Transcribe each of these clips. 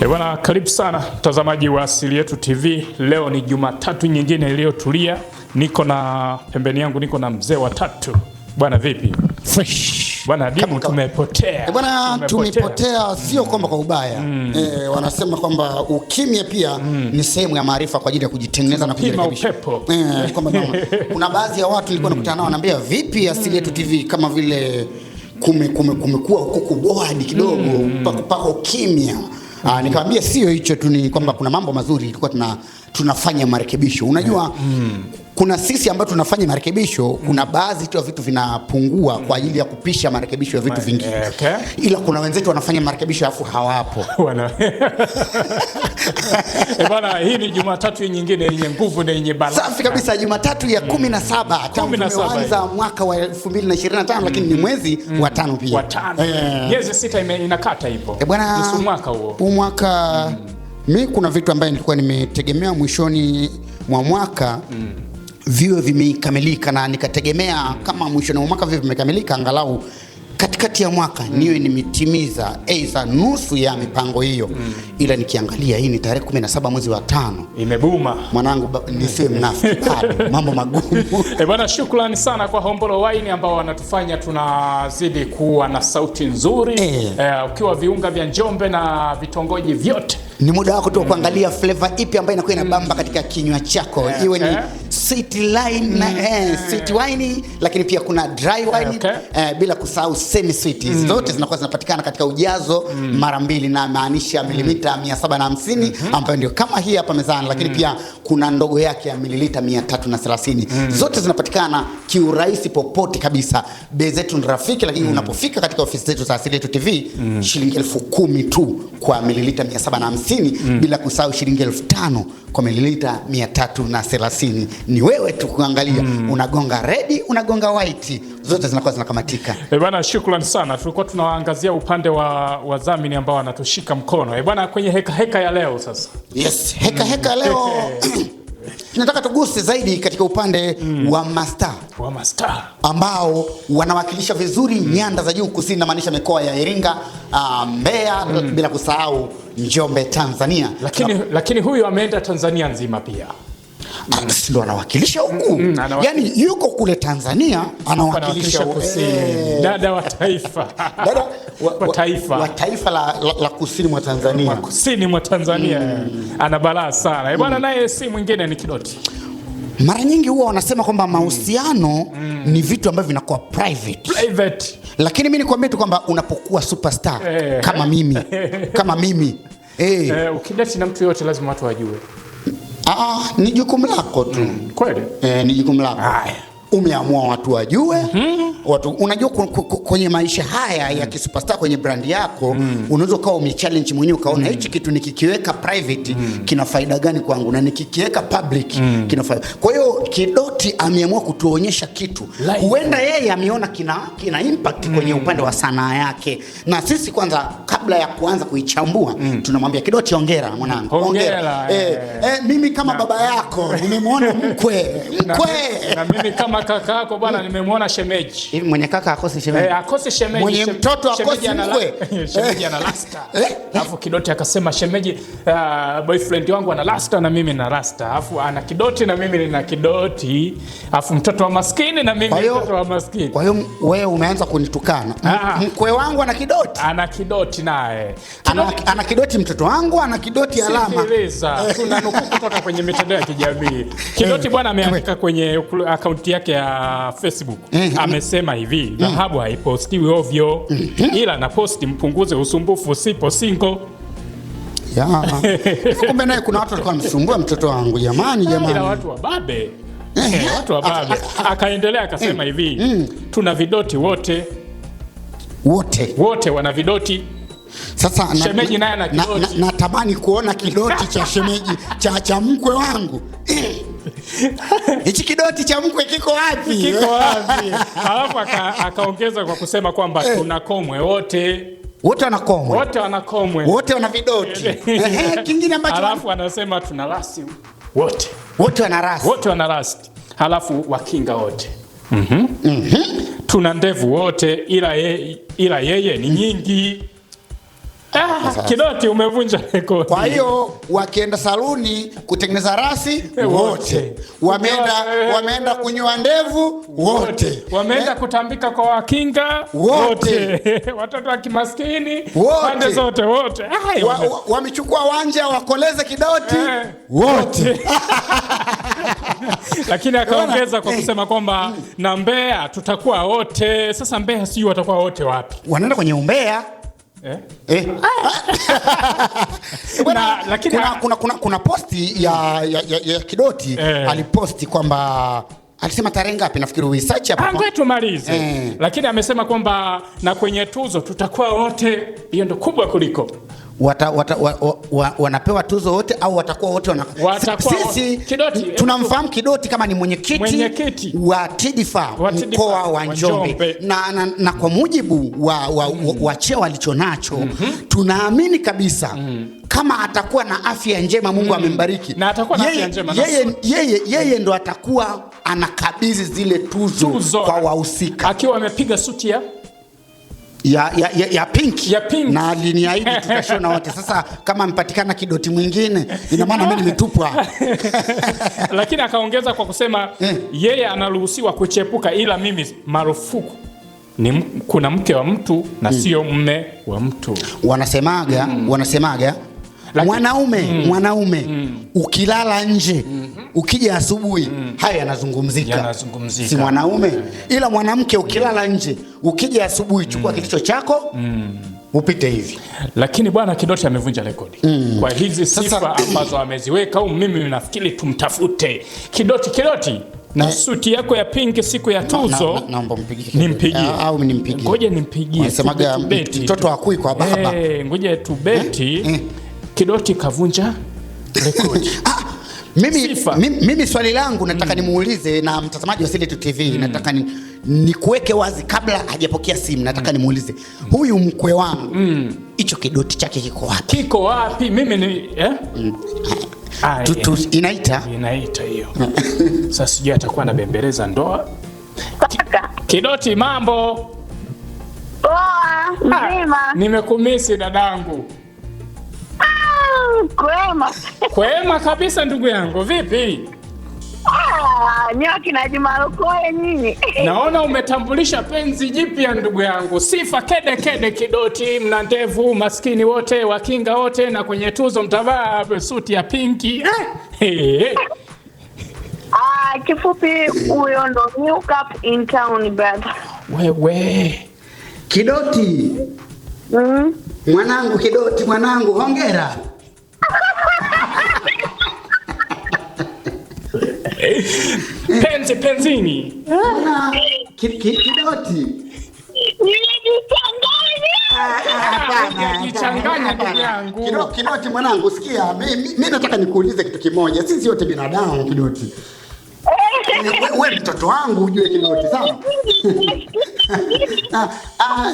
E bwana, karibu sana mtazamaji wa Asili Yetu TV. Leo ni Jumatatu nyingine iliyotulia, niko na pembeni yangu, niko na mzee wa tatu. Bwana vipi? Fresh. Bwana Dimu, tumepotea. E bwana, tumepotea sio mm. kwamba kwa ubaya mm. E, wanasema kwamba ukimya pia mm. ni sehemu ya maarifa kwa ajili ya kujitengeneza na kujirekebisha. E, kuna baadhi ya watu nilikuwa nakutana nao wanaambia vipi Asili Yetu mm. TV kama vile kumekuwa kume, kume, kume huko bwadi kidogo mm. pako kimya Ah, Nikamwambia sio hicho tu, ni kwamba kuna mambo mazuri tulikuwa tuna tunafanya marekebisho. Unajua mm. Kuna sisi ambayo tunafanya marekebisho mm. Kuna hmm. baadhi tu ya vitu vinapungua mm. kwa hmm. ajili ya kupisha marekebisho ya vitu vingine eh, okay. Ila kuna wenzetu wanafanya marekebisho afu hawapo E bana, eh, hii ni Jumatatu nyingine yenye nguvu na yenye balaa. Safi kabisa, Jumatatu ya 17 hmm. tangu tumeanza mwaka wa 2025 lakini ni mwezi mm. wa tano pia. Miezi sita inakata hivyo. bwana huu mwaka huo. Mwaka mi kuna vitu ambayo nilikuwa nimetegemea mwishoni mwa mwaka mm viwe vimekamilika na nikategemea kama mwishoni mwa mwaka vio vimekamilika, angalau katikati ya mwaka mm. niwe nimetimiza aidha nusu ya mipango hiyo mm. Ila nikiangalia hii ni tarehe 17 mwezi wa tano, imebuma mwanangu, nisiwe mnafiki bado mambo magumu e bwana, shukrani sana kwa Hombolo Wine ambao wanatufanya tunazidi kuwa na sauti nzuri e. E, ukiwa viunga vya Njombe na vitongoji vyote ni muda wako tu wa kuangalia flavor ipi ambayo inakuwa inabamba mm. katika kinywa chako yeah, iwe ni sweet line na, mm. eh, sweet wine lakini pia kuna dry wine okay. eh, bila kusahau semi sweet mm. zote zinakuwa zinapatikana katika ujazo mm. mara mbili na maanisha mililita 750 mm -hmm. ambayo ndio kama hii hapa mezani lakini mm. pia kuna ndogo yake ya mililita 330 mm. zote zinapatikana kiurahisi popote kabisa. Bei zetu ni rafiki, lakini mm. unapofika katika ofisi zetu za Asili Yetu TV mm. shilingi elfu kumi tu kwa mililita 750 mm. bila kusahau shilingi elfu tano kwa mililita tatu na 330. Ni wewe tu kuangalia mm. unagonga redi, unagonga white, zote zinakuwa zinakamatika. Eh bwana, shukrani sana. Tulikuwa tunawaangazia upande wa wadhamini ambao wanatushika mkono. Eh bwana, kwenye heka heka ya leo sasa. Yes, heka heka leo Nataka tuguse zaidi katika upande mm. wa masta wa mastaa ambao wanawakilisha vizuri mm. nyanda za juu kusini, namaanisha mikoa ya Iringa, uh, Mbeya mm. bila kusahau Njombe, Tanzania. Lakini, lakini huyu ameenda Tanzania nzima pia. Ndo anawakilisha huku mm, yani yuko kule Tanzania anawakilisha kusini, eh, dada wa taifa dada wa, wa, taifa. Wa taifa la, la, la kusini mwa Tanzania, wa kusini mwa Tanzania mm. ana balaa sana eh, mm. bwana naye si mwingine ni Kidoti. Mara nyingi huwa wanasema kwamba mm. mahusiano mm. mm. ni vitu ambavyo vinakuwa private. Private. Lakini mimi nikwambie tu kwamba unapokuwa superstar hey. Eh. kama mimi kama mimi hey. Eh, ukidati na mtu yote lazima watu wajue Aa, ah, ah, ni jukumu lako tu. Mm, kweli? Eh, ni jukumu lako. Haya umeamua watu wajue mm -hmm. Watu unajua kwenye maisha haya ya mhm. kisuperstar kwenye brand yako mm. Unaweza ukawa umechallenge mwenyewe ukaona mhm. hichi mm. kitu nikikiweka private mm. kina faida gani kwangu na nikikiweka public mm. kina faida. Kwa hiyo Kidoti ameamua kutuonyesha kitu like. Huenda yeye ameona kina, kina impact mm. kwenye upande wa sanaa yake, na sisi kwanza kabla ya kuanza kuichambua mm. tunamwambia Kidoti, ongera mwanangu, hongera eh, eh, mimi kama na, baba yako nimemwona mkwe mkwe na, na mimi kama kaka yako bwana, nimemwona shemeji. Hivi mwenye kaka akose shemeji? Eh, akose shemeji. Mwenye mtoto akose mkwe. Shemeji ana rasta. Eh, eh. Alafu Kidoti akasema shemeji, ah, boyfriend wangu ana rasta na mimi na rasta. Alafu ana kidoti na mimi nina kidoti. Alafu mtoto wa maskini na mimi mtoto wa maskini. Kwa hiyo wewe umeanza kunitukana. Ah. Mkwe wangu ana kidoti. Ana kidoti naye. Ana kidoti mtoto wangu, ana kidoti alama. Sikiliza, tunanukuu kutoka kwenye mitandao ya kijamii. Kidoti eh. bwana ameandika kwenye akaunti yake yake ya Facebook mm -hmm. amesema hivi dhahabu mm -hmm. haipostiwi ovyo mm -hmm. ila na posti mpunguze usumbufu, sipo single kumbe naye kuna watu walikuwa wanamsumbua mtoto wangu, jamani jamani, ila watu wababe eh, watu wababe. Akaendelea akasema hivi mm. tuna vidoti wote wote wote wana vidoti sasa. Shemeji naye na, kidoti, natamani na, na, tamani kuona kidoti cha shemeji cha, cha mkwe wangu hichi kidoti cha mkwe kiko wapi? Kiko wapi? Alafu akaongeza kwa kusema kwamba eh. tuna komwe wote wote wanakomwe wote wanakomwe wote wana vidoti. Ehe, eh, kingine ambacho alafu anasema tuna rasi wote wote wana rasi wote wana rasi, alafu wakinga wote mm -hmm. mm -hmm. tuna ndevu wote ila, ye, ila yeye ni nyingi mm -hmm. Ah, Kidoti umevunja rekodi. Kwa hiyo wakienda saluni kutengeneza rasi eh, wote, wameenda eh. wameenda kunywa ndevu wote, wameenda eh. kutambika kwa wakinga wote, watoto wa kimaskini pande zote wote, wamechukua wanja wakoleze Kidoti wote lakini akaongeza kwa kusema kwamba na Mbeya tutakuwa wote. Sasa Mbeya sijui watakuwa wote wapi, wanaenda kwenye umbea Eh? Eh? kuna, posti ya, ya, ya, ya Kidoti eh, aliposti kwamba alisema tarehe ngapi? Nafikiri uisachi hapa. Ah, Ngoja tumalize eh. Lakini amesema kwamba na kwenye tuzo tutakuwa wote, hiyo ndo kubwa kuliko Wata, wata, wa, wa, wanapewa tuzo wote au watakuwa wote wana... watakuwa sisi eh. tunamfahamu Kidoti kama ni mwenyekiti wa TDFA mkoa wa Njombe na, na, na kwa mujibu wa, wa, mm. wa, wa cheo alichonacho mm -hmm. tunaamini kabisa mm. kama atakuwa na afya njema Mungu mm. amembariki na atakuwa na afya njema yeye, yeye, yeye ndo atakuwa anakabidhi zile tuzo, tuzo kwa wahusika akiwa amepiga suti ya ya, ya, ya, ya pink, ya pink. Na aliniahidi tutashona wote. Sasa kama amepatikana kidoti mwingine, ina maana mimi nimetupwa. Lakini akaongeza kwa kusema eh, yeye anaruhusiwa kuchepuka, ila mimi marufuku ni kuna mke wa mtu na hmm. sio mme wa mtu. Wanasemaga mm, wanasemaga mwanaume mm. mwanaume mm. ukilala nje mm. ukija asubuhi mm. haya yanazungumzika, ya si mwanaume mm. ila mwanamke ukilala nje ukija asubuhi chukua mm. chako mm upite hivi. Lakini bwana Kidoti amevunja rekodi mm. kwa hizi sifa ambazo ameziweka au mimi nafikiri tumtafute Kidoti. Kidoti na eh. suti yako ya pinki siku ya tuzo, naomba nimpigie ah, au nimpigie, ngoje nimpigie, mtoto akui kwa baba, eh, ngoje tubeti eh, Kidoti kavunja rekodi. Ah, mimi, mimi swali langu nataka mm. nimuulize na mtazamaji wa Senator TV mm. nataka ni, ni kuweke wazi kabla hajapokea simu, nataka mm. nimuulize huyu mkwe wangu mm. hicho mm. kidoti chake kiko wapi? Kiko wapi? Mimi ni eh? mm. ah, Tutu, yeah. inaita inaita hiyo mm. sasa, sijui atakuwa na bembeleza ndoa. Kidoti, mambo poa, ah, mzima? Nimekumisi dadangu. Kwema. Kwema kabisa ndugu yangu, vipi? Ah, Nyoki na Juma Lokole nini? Naona umetambulisha penzi jipya ndugu yangu, sifa kede kede kidoti, mna ndevu, maskini wote wakinga wote, na kwenye tuzo mtavaa suti ya pinki eh, eh. Ah, kifupi huyo ndo new cap in town brother. Wewe Kidoti, mm. Mwanangu Kidoti, mwanangu hongera Penzi penzini. Kidoti. Nimejichanganya ndugu yangu. Kidoti mwanangu, sikia, mimi nataka nikuulize kitu kimoja. Sisi wote binadamu Kidoti. Wewe mtoto wangu ujue Kidoti sawa? Ah, ah,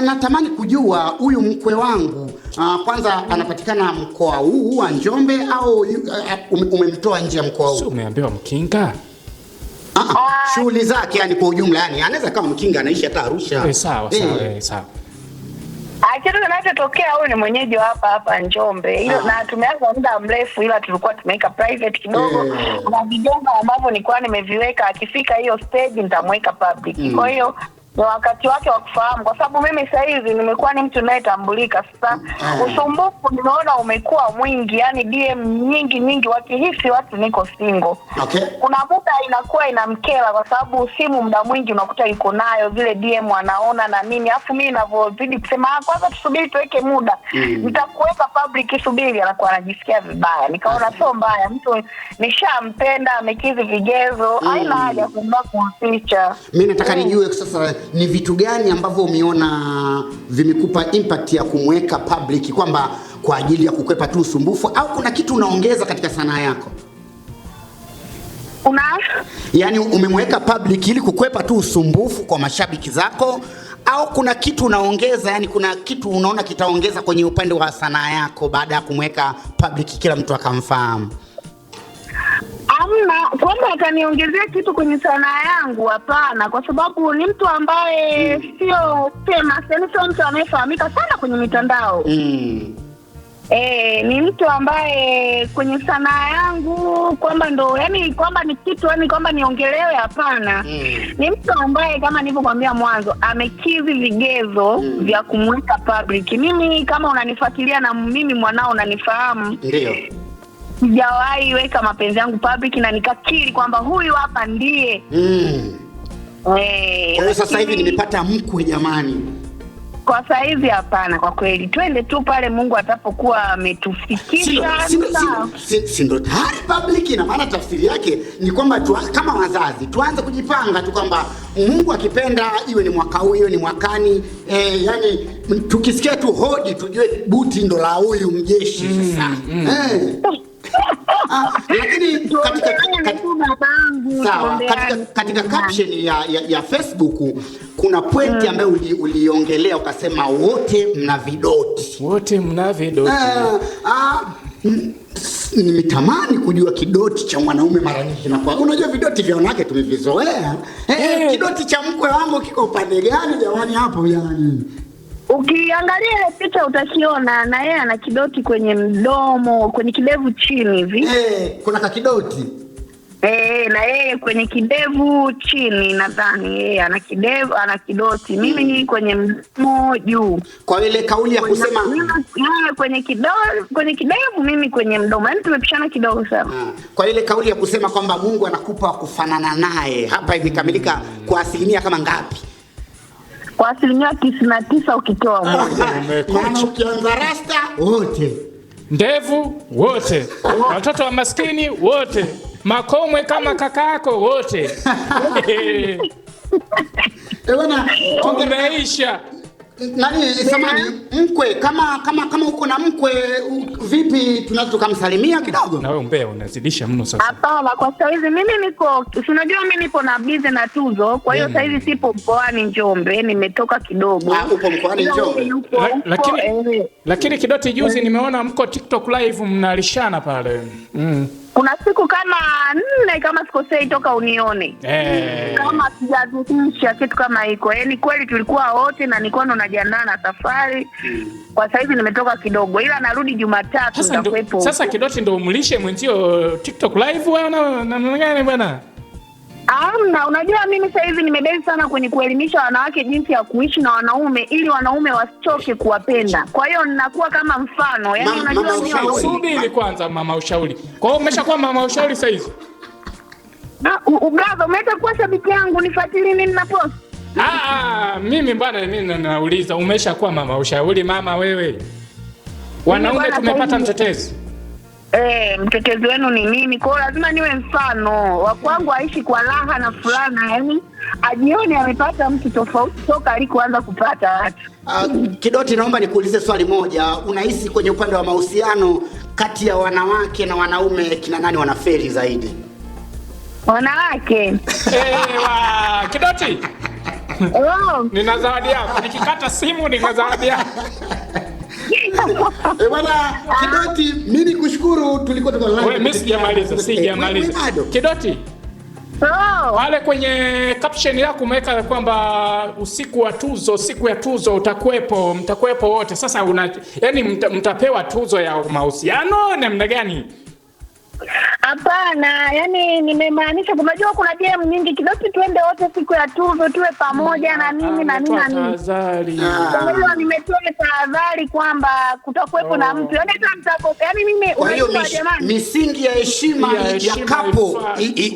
natamani kujua huyu mkwe wangu Uh, kwanza anapatikana mkoa huu wa Njombe au uh, umemtoa nje ya mkoa huu? Sio umeambiwa Mkinga? Ah, ah. Shughuli zake yani kwa ujumla yani anaweza kama Mkinga anaishi hata Arusha. Eh, sawa eh. sawa, eh, sawa. Kitu kinachotokea huyu ni mwenyeji wa hapa hapa Njombe hilo, na tumeanza muda mrefu, ila tulikuwa tumeweka private kidogo eh. na vijongo ambavyo nilikuwa nimeviweka. Akifika hiyo stage nitamweka public. Hmm. Kwa hiyo ni wakati wake wa kufahamu, kwa sababu mimi sasa hivi nimekuwa ni mtu nayetambulika. Sasa ah. usumbufu nimeona umekuwa mwingi, yani DM nyingi nyingi, wakihisi watu niko single. Okay. Kuna muda inakuwa inamkera, kwa sababu simu muda mwingi unakuta iko nayo, vile DM anaona na nini, alafu mimi ninavyozidi kusema ah, kwanza tusubiri tuweke muda mm. nitakuweka mm. public, subiri, anakuwa anajisikia vibaya. Nikaona sio mbaya, mtu nishampenda, amekizi vigezo, mm. aina haja kumbaa kumficha. Mimi nataka mm. nijue sasa ni vitu gani ambavyo umeona vimekupa impact ya kumweka public kwamba kwa ajili ya kukwepa tu usumbufu au kuna kitu unaongeza katika sanaa yako? Una? Yaani umemweka public ili kukwepa tu usumbufu kwa mashabiki zako au kuna kitu unaongeza, yani kuna kitu unaona kitaongeza kwenye upande wa sanaa yako baada ya kumweka public kila mtu akamfahamu? Hamna kwamba ataniongezea kitu kwenye sanaa yangu, hapana, kwa sababu ni mtu ambaye mm. sio famous, yani sio mtu anayefahamika sana kwenye mitandao mm. E, ni mtu ambaye kwenye sanaa yangu kwamba ndo yani kwamba ni kitu yani kwamba niongelewe, hapana mm. ni mtu ambaye kama nilivyokwambia mwanzo amekidhi vigezo mm. vya kumweka public. Mimi kama unanifuatilia na mimi mwanao unanifahamu, ndio sijawahi weka mapenzi yangu public na nikakiri kwamba huyu hapa ndiye. Mm. Eh, sasa hivi nimepata mkwe jamani. Kwa sasa hivi hapana, kwa kweli, twende tu pale Mungu atapokuwa ametufikisha. Si ndo tayari public, ina maana tafsiri yake ni kwamba kama wazazi tuanze kujipanga tu kwamba Mungu akipenda iwe ni mwaka huu iwe ni mwakani eh, yani tukisikia tu hodi tujue buti ndo la huyu mjeshi mm, sasa. mm, mm. Eh. Ah, lakini katika caption ya, ya, ya Facebook kuna pointi hmm. ambayo uliongelea ukasema wote mna vidoti, wote mna vidoti uh, ah, uh, ah, nimetamani kujua kidoti cha mwanaume mara nyingi kwa, Unajua vidoti vya wanawake tumevizoea. Hey, eh, eh. Kidoti cha mkwe wangu kiko upande gani jamani hapo jamani? Ukiangalia ile picha utakiona na yeye ana kidoti kwenye mdomo, kwenye kidevu chini hivi. Hey, eh, kuna kakidoti Hey, eh, na yeye kwenye kidevu chini nadhani yeye ana kidevu ana kidoti, mimi hmm. kwenye mdomo juu. Kwa ile kauli ya kusema yeye kwenye kidevu, kwenye kidevu, mimi kwenye mdomo, yaani tumepishana kidogo sana. Hmm. Kwa ile kauli ya kusema kwamba Mungu anakupa kufanana naye, hapa imekamilika kwa asilimia kama ngapi? kwa asilimia tisini na tisa ukitoa ah, ah, Ukianza rasta wote, ndevu wote, watoto wa maskini wote, makomwe kama kakaako wote, eh, umeisha. Nani samani mkwe kama kama kama uko na mkwe vipi, tunaweza tukamsalimia kidogo? Na wewe umbea unazidisha mno sasa. Hapana, kwa sasa hivi mimi niko unajua, mimi nipo na bize na tuzo, kwa hiyo sasa hivi sipo mkoani Njombe, nimetoka kidogo. Ah, uko mkoani Njombe. Lakini eh. lakini Kidoti, juzi nimeona mko TikTok live mnalishana pale. Mm kuna siku kama nne kama sikosei, toka unione hey. Eh. kama sijazuisha kitu kama hiko. ni yaani kweli tulikuwa wote na nikono ndo na safari hmm. Kwa sahizi nimetoka kidogo, ila narudi Jumatatu, nitakuwepo. Sasa Kidoti ndo mlishe mwenzio eh, TikTok live bwana, namna gani bwana? Amna, unajua mimi sasa hivi nimebezi sana kwenye kuelimisha wanawake jinsi ya kuishi na wanaume ili wanaume wasichoke kuwapenda. Kwa hiyo ninakuwa kama mfano, yaani unajua mimi. Subiri kwanza, mama ushauri. Kwa hiyo umeshakuwa mama ushauri sasa hivi? Brother, umeweza kuwa shabiki yangu, nifuatilie nini na ah, ah, mimi bwana, mimi nauliza umeshakuwa mama ushauri, mama wewe. Wanaume tumepata mtetezi. Eh, mtetezi wenu ni nini? Kwa lazima niwe mfano wa kwangu, aishi kwa raha na fulana, yani ajione amepata mtu tofauti toka alikoanza kupata watu. Uh, ah, Kidoti, naomba nikuulize swali moja. Unahisi kwenye upande wa mahusiano kati ya wanawake na wanaume kina nani wanafeli zaidi? Wanawake. Ewa, Kidoti. Oh. Nina zawadi yako. Nikikata simu nina zawadi yako. Eh, bwana Kidoti, mimi tulikuwa tuko live. Wewe mimi sijamaliza, eh, sijamaliza. Kidoti. Oh. Pale kwenye caption yako umeweka kwamba usiku wa tuzo, siku ya tuzo utakuepo, mtakuepo wote. Sasa una, yani mta, mtapewa tuzo ya mahusiano namna gani? Hapana, yani nimemaanisha, unajua kuna jam nyingi kidosi, tuende wote siku ya tuzo tuwe pamoja mm, na ah, mimi na mimi na mimi. Kwa nimetoa tahadhari kwamba kutakuwepo na oh. mtu yani, hata mtapo yani mimi unajua, jamani, misingi ya heshima ya kapo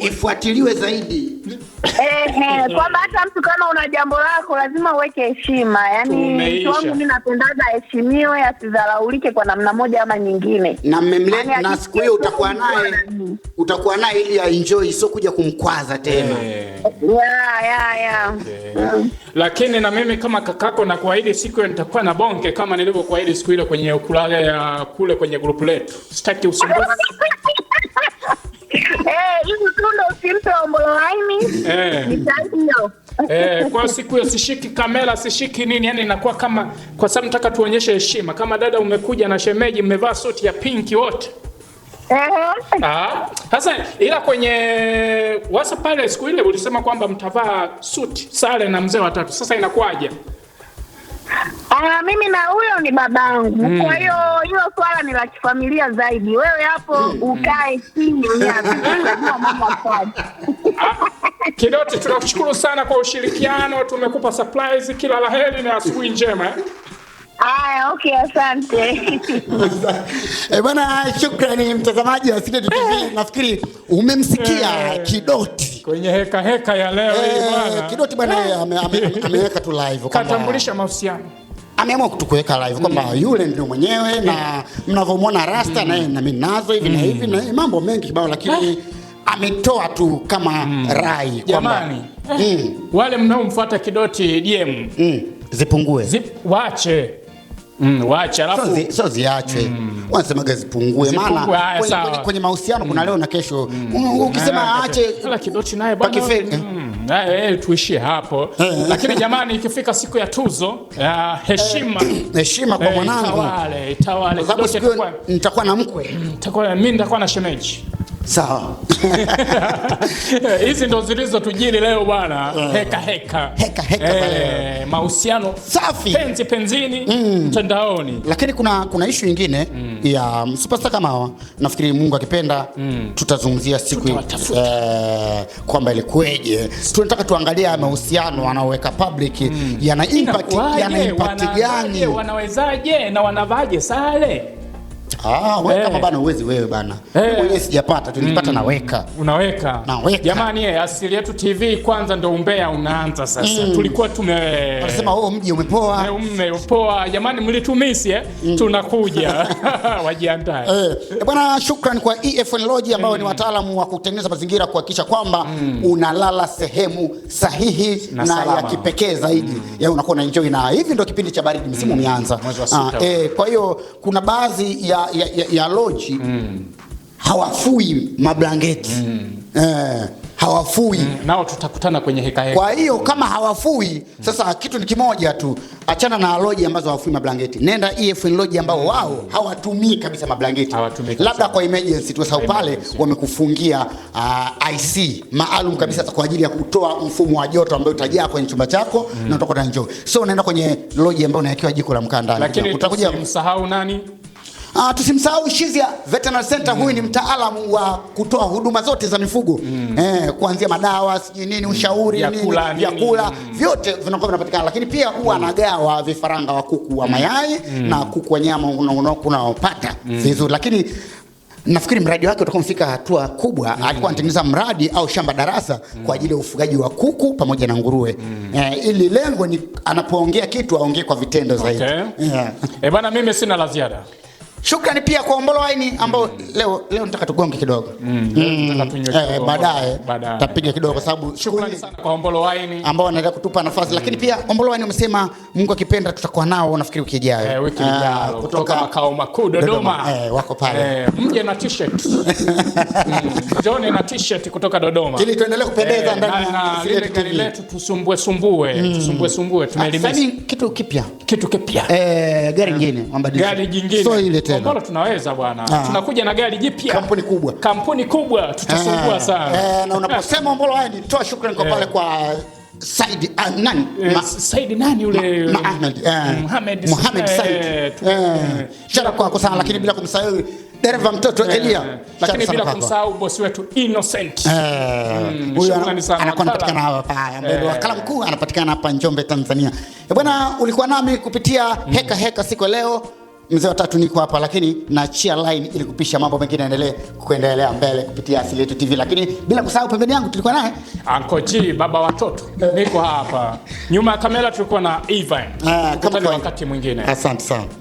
ifuatiliwe zaidi. Ehe, kwamba hata mtu kama una jambo lako lazima uweke heshima. Yani mtu wangu mimi napendaga aheshimiwe, asidharaulike kwa namna moja ama nyingine. Na mmemlea yaani, na siku hiyo utakuwa naye utakuwa naye ili aenjoy, sio kuja kumkwaza tena. Yeah, yeah, yeah. Lakini na mimi kama kakako na kuahidi siku hiyo nitakuwa na bonge kama nilivyokuahidi siku ile kwenye ukulaga ya kule kwenye grupu letu. Sitaki usumbufu. ukimpe ombolo laini eh, nitaio eh, kwa siku hiyo sishiki kamera sishiki nini, yani inakuwa kama, kwa sababu nataka tuonyeshe heshima. Kama dada umekuja na shemeji, mmevaa suti ya pinki wote ah, sasa ila kwenye WhatsApp pale siku ile ulisema kwamba mtavaa suti sare na mzee watatu. Sasa inakuwaje? Ah, mimi na huyo ni babangu mm. Kwa hiyo hilo swala ni la kifamilia zaidi. Wewe hapo mm. ukae chini Kidoti, tunakushukuru sana kwa ushirikiano, tumekupa surprise. Kila la heri na asubuhi njema. Eh? Aya, okay, asante. Eh, bwana, shukrani mtazamaji wa Asili TV. Nafikiri umemsikia eh. Kidoti kwenye heka heka ya leo hii eh, bwana. Kidoti bwana eh. ameweka tu live kama katambulisha mahusiano ameamua kutukuweka live kwamba mm. yule ndio mwenyewe na mnavyomwona rasta mm. naye na mimi nazo hivi mm. na hivi na mm. mambo mengi kibao, lakini eh. ametoa tu kama mm. rai jamani mm. wale mnaomfuata Kidoti DM mm. zipungue Zip, waache Mm, waache alafu sio so ziachwe. Mm. Wanasemaga zipungue maana kwenye, kwenye, kwenye mahusiano mm. kuna leo na kesho. Mm. Ukisema eh, aache kila kidoti naye bwana. Mm. Eh, eh, eh, tuishie hapo. Lakini jamani ikifika siku ya tuzo ya heshima heshima kwa mwanangu. Itawale, itawale. Nitakuwa na mkwe. Nitakuwa mimi nitakuwa na shemeji. Sawa. Hizi ndo zilizotujiri leo bwana. Eh. Heka heka. Heka heka eh, pale. Mahusiano safi. Penzi penzini mm. mtandaoni. Mm. Lakini kuna kuna ishu nyingine mm. ya um, superstar kama hawa. Nafikiri Mungu akipenda mm. tutazungumzia siku eh, kwamba ilikuweje. Tunataka tuangalie mahusiano wanaoweka public mm. yana impact, yana impact gani? Wanawezaje na wanavaje sale Ah, ah, weka hey. Eh. Bana uwezi wewe bana hey. Eh. Mwenyewe sijapata tulipata mm. Naweka unaweka naweka. Jamani, eh, Asili Yetu TV kwanza ndo umbea unaanza sasa mm. Tulikuwa tume tunasema oh, mji umepoa umepoa jamani, mlitumisi eh? mm. Tunakuja wajiandae hey. Bwana, shukrani kwa EFN Lodge ambao mm. ni wataalamu wa kutengeneza mazingira kuhakikisha kwamba mm. unalala sehemu sahihi na, na ya kipekee zaidi mm. ya unakuwa na enjoy, na hivi ndo kipindi cha baridi msimu mm. umeanza mm. eh, kwa hiyo kuna baadhi ya ya, ya, ya, lochi mm. hawafui mablangeti mm. eh, hawafui mm. nao tutakutana kwenye heka heka. Kwa hiyo kama hawafui sasa kitu ni kimoja tu, achana na loji ambazo hawafui mablangeti, nenda EF loji ambao mm. wao hawatumii kabisa mablangeti, labda kwa emergency tu. Sasa pale wamekufungia uh, ah, IC maalum kabisa mm. kwa ajili ya kutoa mfumo wa joto ambao utajaa kwenye chumba chako mm. na utakuwa na njoo, so unaenda kwenye loji ambayo unawekewa jiko la mkaa ndani, lakini utakuja msahau nani Uh, tusimsahau Shizia Veterinary Center mm. Huyu ni mtaalamu wa kutoa huduma zote za mifugo mm. Eh, kuanzia madawa sijui nini ushauri vyakula nini, nini. Mm. Vyote vinakuwa vinapatikana, lakini pia huwa mm. anagawa mm. vifaranga wa kuku wa mm. mayai mm. na kuku wa nyama unaopata mm. vizuri, lakini nafikiri mradi wake utakuwa umefika hatua kubwa mm. Alikuwa anatengeneza mradi au shamba darasa mm. kwa ajili ya ufugaji wa kuku pamoja na nguruwe mm. Eh, ili lengo ni anapoongea kitu aongee kwa vitendo zaidi. Okay. Yeah. E bana, mimi sina la ziada. Shukrani pia kwa Ombolo Wine ambao mm. leo leo nataka tugonge kidogo mm. mm. eh, baadaye tapiga kidogo kwa sababu shukrani sana kwa Ombolo Wine ambao wanaendelea kutupa nafasi mm. lakini pia Ombolo Wine umesema Mungu akipenda tutakuwa nao nafikiri wiki ijayo eh, wiki ah, ijayo uh, kutoka makao makuu Dodoma, eh, wako pale eh, mje na t-shirt mm. John na t-shirt kutoka Dodoma ili tuendelee kupendeza eh, ndani ya ile gari letu tusumbue sumbue mm. tusumbue sumbue ah, tumelimisa kitu kipya kitu kipya eh, gari jingine gari jingine sio ile tena. Bora tunaweza bwana. Ah. Tunakuja na gari jipya. Kampuni kubwa. Kampuni kubwa tutasumbua eh, sana. Eh, na unaposema Ombolo Wine toa shukrani kwa eh. pale kwa Said ah, nani? Eh, Said nani yule? Muhammad. Muhammad. Mohamed Said. Shara kwa kusana lakini bila kumsahau dereva mtoto Elia, lakini bila kumsahau bosi wetu Innocent. Mm, huyu anapatikana hapa Mbele wa Kala mkuu anapatikana hapa Njombe, Tanzania. Bwana, ulikuwa nami kupitia heka heka siku leo. Mzee watatu niko hapa lakini naachia line ili kupisha mambo mengine yaendelee kuendelea mbele kupitia Asili Yetu TV, lakini bila kusahau pembeni yangu tulikuwa naye Anko baba watoto, eh. niko hapa nyuma ya kamera tulikuwa na Ivan. Ah, kama wakati mwingine. Asante sana.